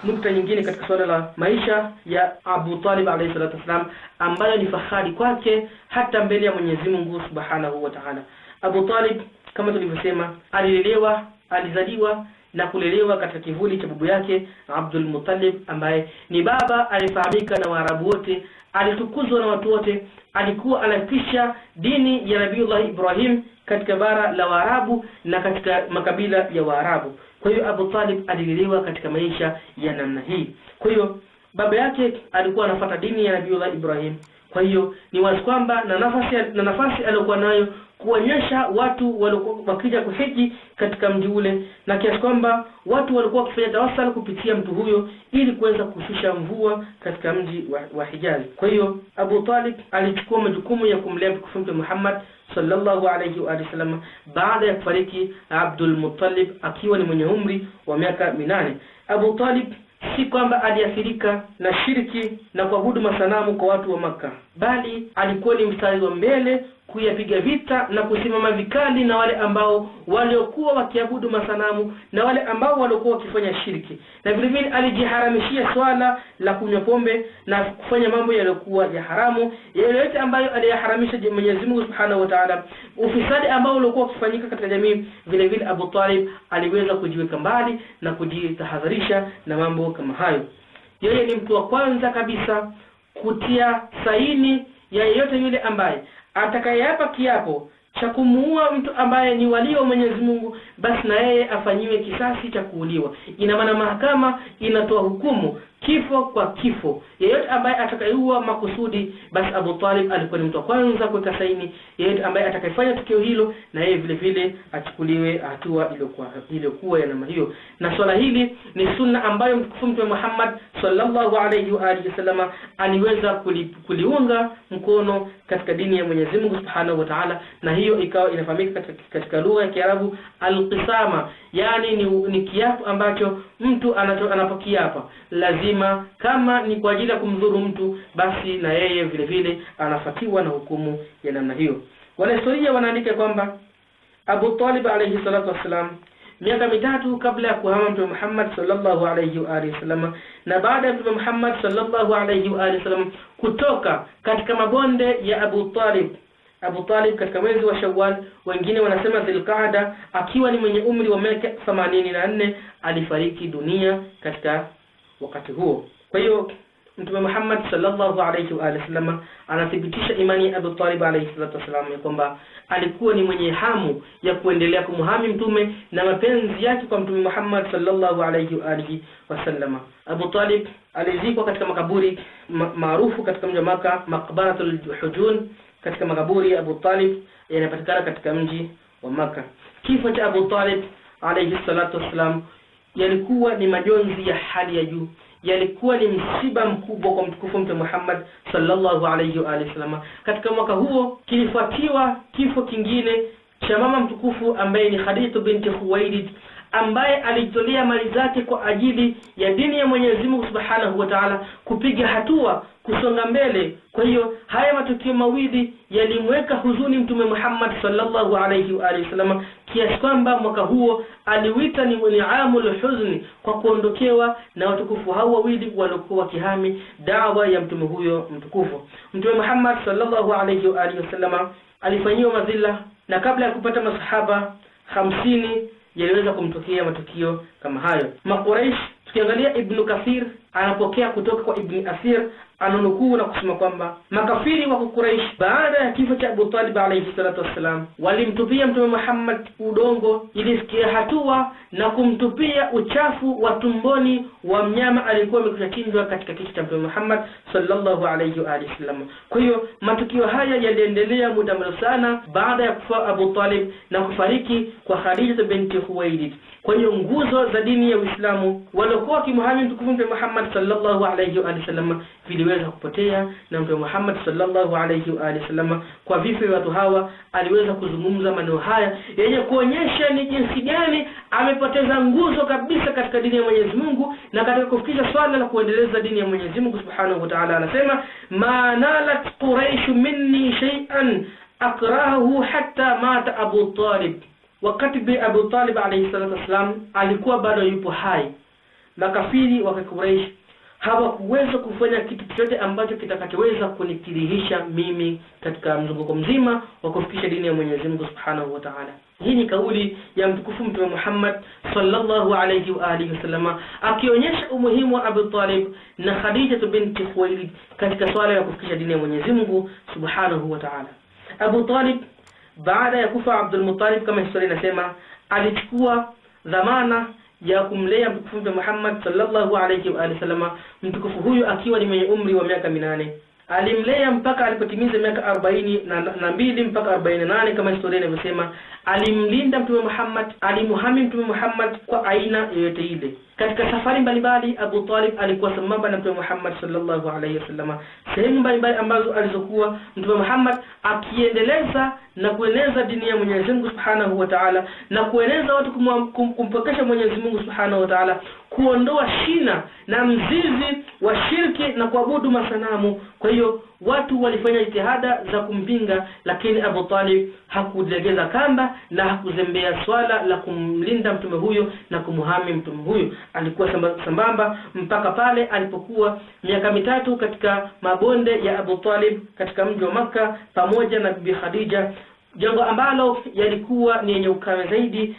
nukta nyingine katika suala la maisha ya Abu Talib alayhi salatu wasalam, ambayo ni fahari kwake hata mbele ya Mwenyezi Mungu subhanahu wa ta'ala. Abu Talib kama tulivyosema, alilelewa, alizaliwa na kulelewa katika kivuli cha babu yake Abdul Muttalib, ambaye ni baba alifahamika na Waarabu wote, alitukuzwa na watu wote, alikuwa anapisha dini ya Nabiullah Ibrahim katika bara la Waarabu na katika makabila ya Waarabu. Kwa hiyo Abu Talib alilelewa katika maisha ya namna hii. Kwa hiyo baba yake alikuwa anafuata dini ya Nabiullah Ibrahim. Kwa hiyo ni wazi kwamba na nafasi na nafasi aliyokuwa nayo kuonyesha watu walikuwa wakija kuhiji katika mji ule, na kiasi kwamba watu walikuwa wakifanya tawassul kupitia mtu huyo ili kuweza kushusha mvua katika mji wa, wa Hijazi. Kwa hiyo Abu Talib alichukua majukumu ya kumlea mtukufu Muhammad sallallahu alayhi wa sallam baada ya kufariki Abdul Muttalib akiwa ni mwenye umri wa miaka minane. Abu Talib si kwamba aliathirika na shirki na kwa huduma sanamu kwa watu wa Makka bali alikuwa ni mstari wa mbele kuyapiga vita na kusimama vikali na wale ambao waliokuwa wakiabudu masanamu na wale ambao waliokuwa wakifanya shirki, na vile vile alijiharamishia swala la kunywa pombe na kufanya mambo yaliyokuwa ya haramu, yoyote ambayo aliyaharamisha Mwenyezi Mungu Subhanahu wa Ta'ala. Ufisadi ambao uliokuwa ukifanyika katika jamii, vile vile Abu Talib aliweza kujiweka mbali na kujitahadharisha na mambo kama hayo. Yeye ni mtu wa kwanza kabisa kutia saini ya yeyote yule ambaye atakayeapa kiapo cha kumuua mtu ambaye ni walio Mwenyezi Mungu, basi na yeye afanyiwe kisasi cha kuuliwa. Ina maana mahakama inatoa hukumu kifo kwa kifo. Yeyote ambaye atakayeua makusudi, basi Abu Talib alikuwa ni mtu wa kwanza kuweka saini. Yeyote ambaye atakayefanya tukio hilo, na yeye vile vile achukuliwe hatua iliyokuwa iliyokuwa ya namna hiyo. Na swala hili ni sunna ambayo mtukufu Mtume Muhammad sallallahu alayhi wa alihi wasallam aliweza kuli, kuliunga mkono katika dini ya Mwenyezi Mungu Subhanahu wa Ta'ala, na hiyo ikawa inafahamika katika, katika lugha ya Kiarabu al-qisama, yani ni, ni kiapo ambacho mtu anapokiapa lazima, kama ni kwa ajili ya kumdhuru mtu, basi na yeye vile vile anafatiwa na hukumu ya namna hiyo. Wanahistoria wanaandika kwamba Abu Talib alayhi salatu wassalam miaka mitatu kabla ya kuhama Mtume Muhammad sallallahu alayhi wa alihi wasallam na baada ya Mtume Muhammad sallallahu alayhi wa alihi wasallam kutoka katika mabonde ya Abu Talib Abu Talib katika mwezi wa Shawwal, wengine wanasema Dhulqaada, akiwa ni mwenye umri wa miaka 84 alifariki dunia katika wakati huo. Kwa hiyo Mtume Muhammad sallallahu alayhi wa sallam anathibitisha imani ya Abu Talib alayhi salatu wasallam ya kwamba alikuwa ni mwenye hamu ya kuendelea kumhami mtume na mapenzi yake kwa mtume Muhammad sallallahu alayhi wa alihi wasallam. Abu Talib alizikwa katika makaburi maarufu katika mji wa Maka, Maqbaratul Hujun. Katika makaburi ya Abu Talib yanapatikana katika mji wa Maka. Kifo cha Abu Talib alayhi salatu wasallam yalikuwa ni majonzi ya hali ya juu yalikuwa ni msiba mkubwa kwa mtukufu Mtume Muhammad sallallahu alayhi wa sallam. Katika mwaka huo kilifuatiwa kifo kingine cha mama mtukufu ambaye ni Khadija binti Khuwailid ambaye alijitolea mali zake kwa ajili ya dini ya Mwenyezi Mungu Subhanahu wa Ta'ala kupiga hatua kusonga mbele kwa hiyo haya matukio mawili yalimweka huzuni mtume Muhammad sallallahu alayhi wa alihi wasallam kiasi kwamba mwaka huo aliwita ni niamul huzni kwa kuondokewa na watukufu hao wawili waliokuwa wakihami dawa ya mtume huyo mtukufu mtume Muhammad sallallahu alayhi wa alihi wasallam alifanyiwa madhila na kabla ya kupata masahaba hamsini yaliweza kumtokea matukio kama hayo. Makuraish, tukiangalia Ibnu Kathir anapokea kutoka kwa Ibni Athir ananukuu na kusema kwamba makafiri wa Quraysh baada ya kifo cha Abu Talib alayhi salatu wassalam, walimtupia Mtume Muhammad udongo, ilifikia hatua na kumtupia uchafu wa tumboni wa mnyama alikuwa amekusha chinjwa katika kichwa cha Mtume Muhammad sallallahu alayhi wa alihi wasallam. Kwa hiyo matukio haya yaliendelea muda mrefu sana baada ya kufa Abu Talib na kufariki kwa Khadija binti Khuwailid. Kwa hiyo nguzo za dini ya Uislamu waliokuwa wakimuhami mtukufu Mtume Muhammad Muhammad sallallahu alayhi wa sallam viliweza kupotea na Mtume Muhammad sallallahu alayhi wa sallam. Kwa vipi watu hawa aliweza kuzungumza maneno haya yenye kuonyesha ni jinsi gani amepoteza nguzo kabisa katika dini ya Mwenyezi Mungu na katika kufikisha swala la kuendeleza dini ya Mwenyezi Mungu Subhanahu wa Ta'ala. Anasema ma nalat quraish minni shay'an akrahu hatta mata Abu Talib. Wakati bi Abu Talib alayhi salatu wasalam alikuwa bado yupo hai makafiri wa Quraysh hawakuweza kufanya kitu chochote ambacho kitakachoweza kunikirihisha mimi katika mzunguko mzima wa kufikisha dini ya Mwenyezi Mungu Subhanahu wa Ta'ala. Hii ni kauli ya mtukufu Mtume Muhammad sallallahu alayhi wa alihi wasallama akionyesha umuhimu wa Abu Talib na Khadija binti Khuwailid katika swala ya kufikisha dini ya Mwenyezi Mungu Subhanahu wa Ta'ala. Abu Talib baada ya kufa Abdul Muttalib, kama historia inasema, alichukua dhamana ya kumlea mtukufu Muhammad sallallahu alayhi wa sallam, sallama, mtukufu huyu akiwa ni mwenye umri wa miaka minane alimlea mpaka alipotimiza miaka arobaini na mbili mpaka arobaini na nane kama historia inavyosema. Alimlinda Mtume Muhammad, alimuhami Mtume Muhammad kwa aina yoyote ile. Katika safari mbalimbali Abu Talib alikuwa sambamba na Mtume Muhammad sallallahu alaihi wasallam sehemu mbalimbali ambazo alizokuwa Mtume Muhammad akiendeleza na kueneza dini ya Mwenyezi Mungu Subhanahu wa Ta'ala na kueneza watu kumpokesha Mwenyezi Mungu Subhanahu wa Ta'ala kuondoa shina na mzizi wa shirki na kuabudu masanamu kwa hiyo watu walifanya jitihada za kumpinga, lakini Abu Talib hakulegeza kamba na hakuzembea swala la kumlinda mtume huyo na kumhami mtume huyo. Alikuwa sambamba mpaka pale alipokuwa miaka mitatu katika mabonde ya Abu Talib katika mji wa Makka pamoja na Bibi Khadija, jambo ambalo yalikuwa ni yenye ukawe zaidi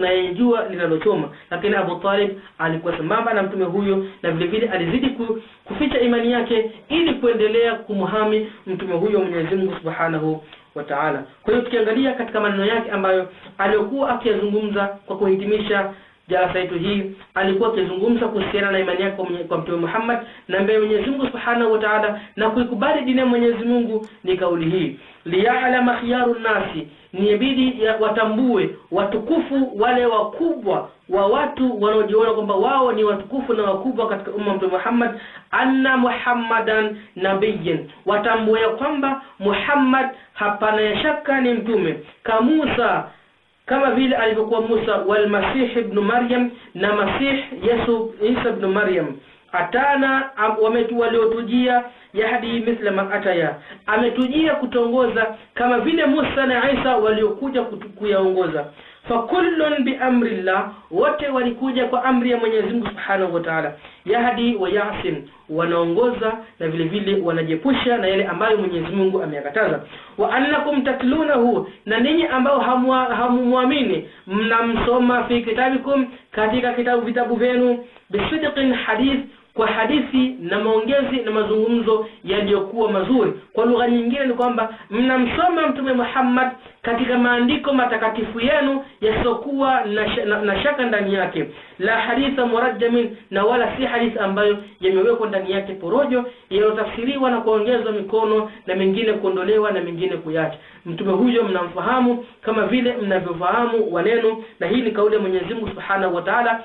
na yenye jua linalochoma, lakini Abu Talib alikuwa sambamba na mtume huyo, na vile vile alizidi ku, kuficha imani yake ili kuendelea kumhami mtume huyo Mwenyezi Mungu Subhanahu wa Ta'ala. Kwa hiyo tukiangalia katika maneno yake ambayo aliyokuwa akiyazungumza kwa kuhitimisha jalasa yetu hii, alikuwa akizungumza kuhusiana na imani yake kwa Mtume Muhammad na mbele Mwenyezi Mungu Subhanahu wa Ta'ala na kuikubali dini ya Mwenyezi Mungu ni kauli hii, liya'lama khiyaru nnasi inabidi watambue watukufu wale wakubwa wa watu wanaojiona kwamba wao ni watukufu na wakubwa katika umma Mtume Muhammad, anna Muhammadan nabiyyan, watambue ya kwamba Muhammad hapana shaka ni mtume, ka Musa kama vile alivyokuwa Musa, wal Masih ibn Maryam, na Masih Yesu Isa ibn Maryam atana waliotujia yahdi mithla ma ataya, ametujia kutongoza kama vile Musa na Isa waliokuja kuyaongoza. Fakullun biamrillah, wote walikuja kwa amri ya Mwenyezi Mungu subhanahu wa taala. Yahdi wa yasin, wanaongoza na vile vile wanajepusha na yale ambayo Mwenyezi Mungu ameyakataza. Wa annakum tatlunahu, na ninyi ambao hamumwamini mnamsoma fi kitabikum, katika kitabu vitabu vyenu bisidqin hadith kwa hadithi na maongezi na mazungumzo yaliyokuwa mazuri. Kwa lugha nyingine ni kwamba mnamsoma Mtume Muhammad katika maandiko matakatifu yenu yasiokuwa na, na, na shaka ndani yake, la haditha murajamin, na wala si hadithi ambayo yamewekwa ndani yake porojo yanayotafsiriwa na kuongezwa mikono na mengine kuondolewa na mengine kuyacha. Mtume huyo mnamfahamu kama vile mnavyofahamu wanenu, na hii ni kauli ya Mwenyezi Mungu Subhanahu wa Ta'ala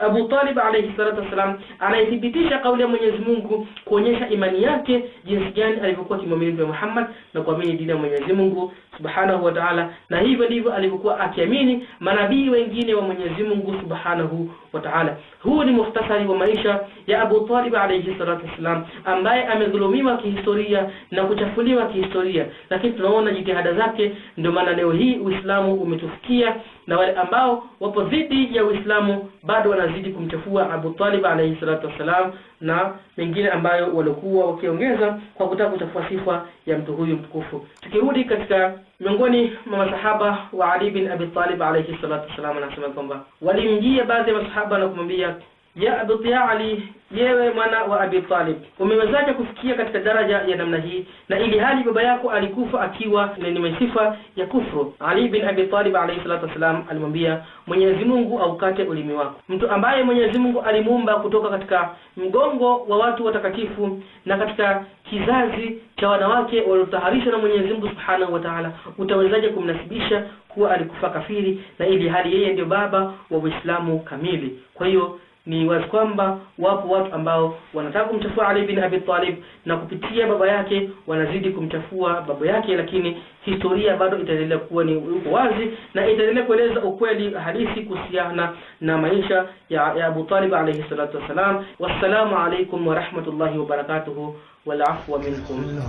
Abu Talib alayhi salatu wassalam anaithibitisha kauli ya Mwenyezi Mungu kuonyesha imani yake jinsi gani alivyokuwa kimwamini Mtume Muhammad na kuamini dini ya Mwenyezi Mungu Subhanahu wa Ta'ala, na hivyo ndivyo alivyokuwa akiamini manabii wengine wa Mwenyezi Mungu Subhanahu wa Ta'ala. Huu ni muhtasari wa maisha ya Abu Talib alayhi salatu wassalam ambaye amedhulumiwa kihistoria na kuchafuliwa kihistoria, lakini tunaona jitihada zake. Ndio maana leo hii Uislamu umetufikia na wale ambao wapo dhidi ya Uislamu bado wanazidi kumchafua Abu Talib alayhi salatu wassalam, na mengine ambayo walikuwa wakiongeza kwa kutaka kuchafua sifa ya mtu huyu mtukufu. Tukirudi katika miongoni mwa masahaba wa Ali bin Abi Talib alayhi salatu wassalam, anasema kwamba walimjia baadhi ya masahaba na kumwambia ya Abu Ali, yewe mwana wa Abi Talib, umewezaje kufikia katika daraja ya namna hii, na ili hali baba yako alikufa akiwa ni masifa ya kufru? Ali bin Abi Talib alayhi salatu wasalam alimwambia, Mwenyezi Mungu aukate ulimi wako. Mtu ambaye Mwenyezi Mungu alimuumba kutoka katika mgongo wa watu watakatifu na katika kizazi cha wanawake waliotaharishwa na Mwenyezi Mungu Subhanahu wa Ta'ala, utawezaje kumnasibisha kuwa alikufa kafiri, na ili hali yeye ndio baba wa Uislamu kamili? Kwa hiyo ni wazi kwamba wapo watu ambao wanataka kumchafua Ali bin Abi Talib na kupitia baba yake wanazidi kumchafua baba yake, lakini historia bado itaendelea kuwa ni uko wazi na itaendelea kueleza ukweli halisi kuhusiana na maisha ya, ya Abu Talib alayhi salatu wasalam. Wassalamu alaykum wa rahmatullahi wa barakatuhu wal afwa minkum.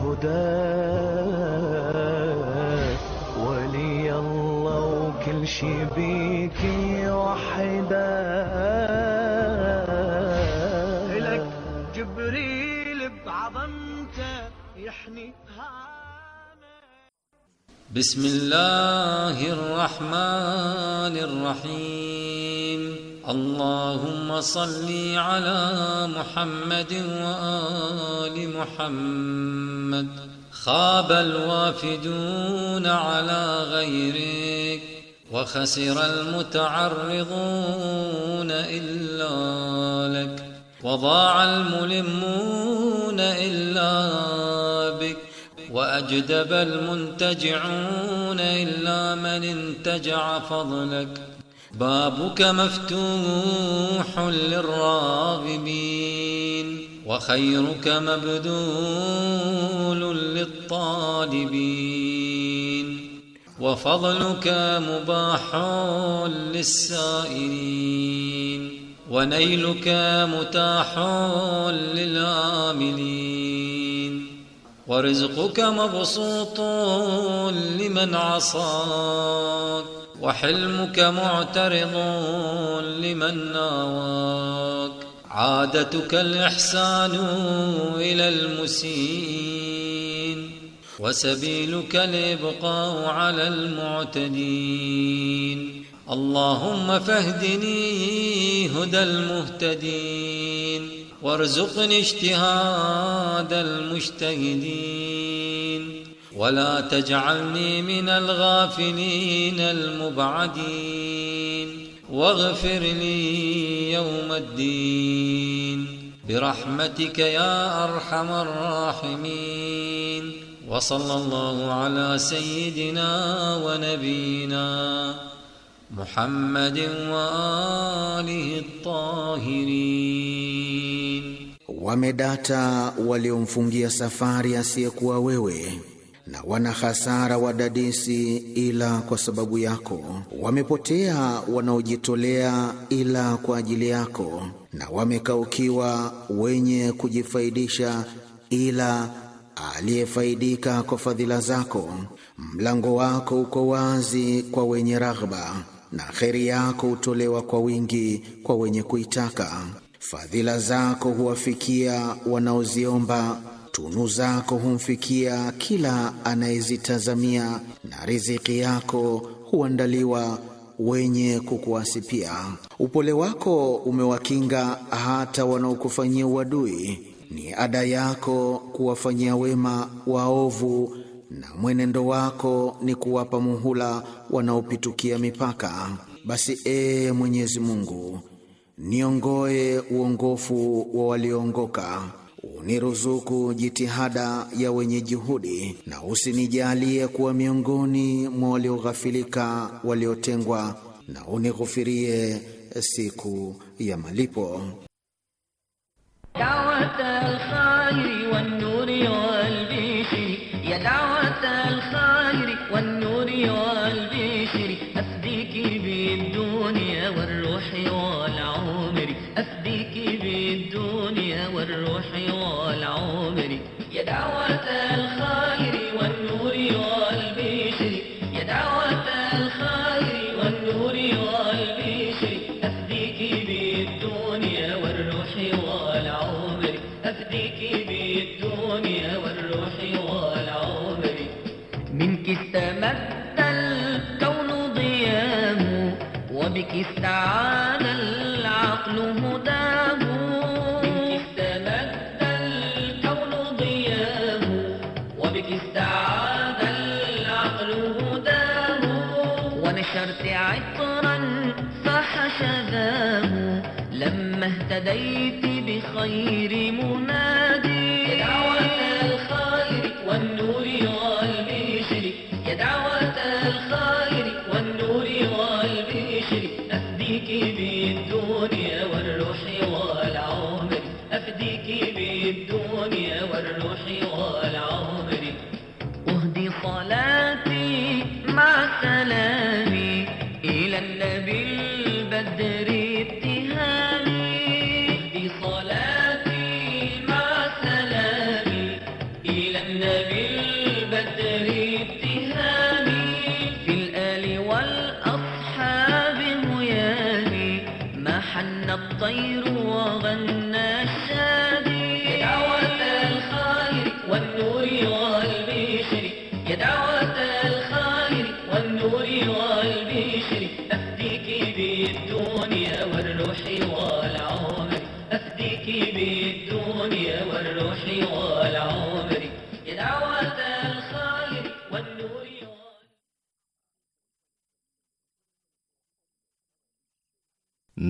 ولي الله كل شي بيكي بسم الله الرحمن الرحيم اللهم صل على محمد وآل محمد خاب الوافدون على غيرك وخسر المتعرضون إلا لك وضاع الملمون إلا بك وأجدب المنتجعون إلا من انتجع فضلك بابك مفتوح للراغبين وخيرك مبذول للطالبين وفضلك مباح للسائلين ونيلك متاح للآملين ورزقك مبسوط لمن عصاك وحلمك معترض لمن ناواك عادتك الإحسان إلى المسيء وسبيلك الإبقاء على المعتدين اللهم فاهدني هدى المهتدين وارزقني اجتهاد المجتهدين ولا تجعلني من الغافلين المبعدين واغفر لي يوم الدين برحمتك يا أرحم الراحمين وصلى الله على سيدنا ونبينا محمد wa الطاهرين tahirin, wamedata waliomfungia safari asiyekuwa wewe na wana hasara wadadisi ila kwa sababu yako, wamepotea wanaojitolea ila kwa ajili yako, na wamekaukiwa wenye kujifaidisha ila aliyefaidika kwa fadhila zako. Mlango wako uko wazi kwa wenye raghba na kheri yako hutolewa kwa wingi kwa wenye kuitaka. Fadhila zako huwafikia wanaoziomba, tunu zako humfikia kila anayezitazamia, na riziki yako huandaliwa wenye pia Upole wako umewakinga hata wanaokufanyia uadui. Ni ada yako kuwafanyia wema waovu na mwenendo wako ni kuwapa muhula wanaopitukia mipaka. Basi ee Mwenyezi Mungu, niongoe uongofu wa walioongoka, uniruzuku jitihada ya wenye juhudi, na usinijalie kuwa miongoni mwa walioghafilika waliotengwa, na unighufirie siku ya malipo. استعان العقل هداه استمد الكون ضياه وبك استعاد العقل هداه ونشرت عطرا فحشذاه لما اهتديت بخير منادي هاديك بالدنيا والروح والعظيم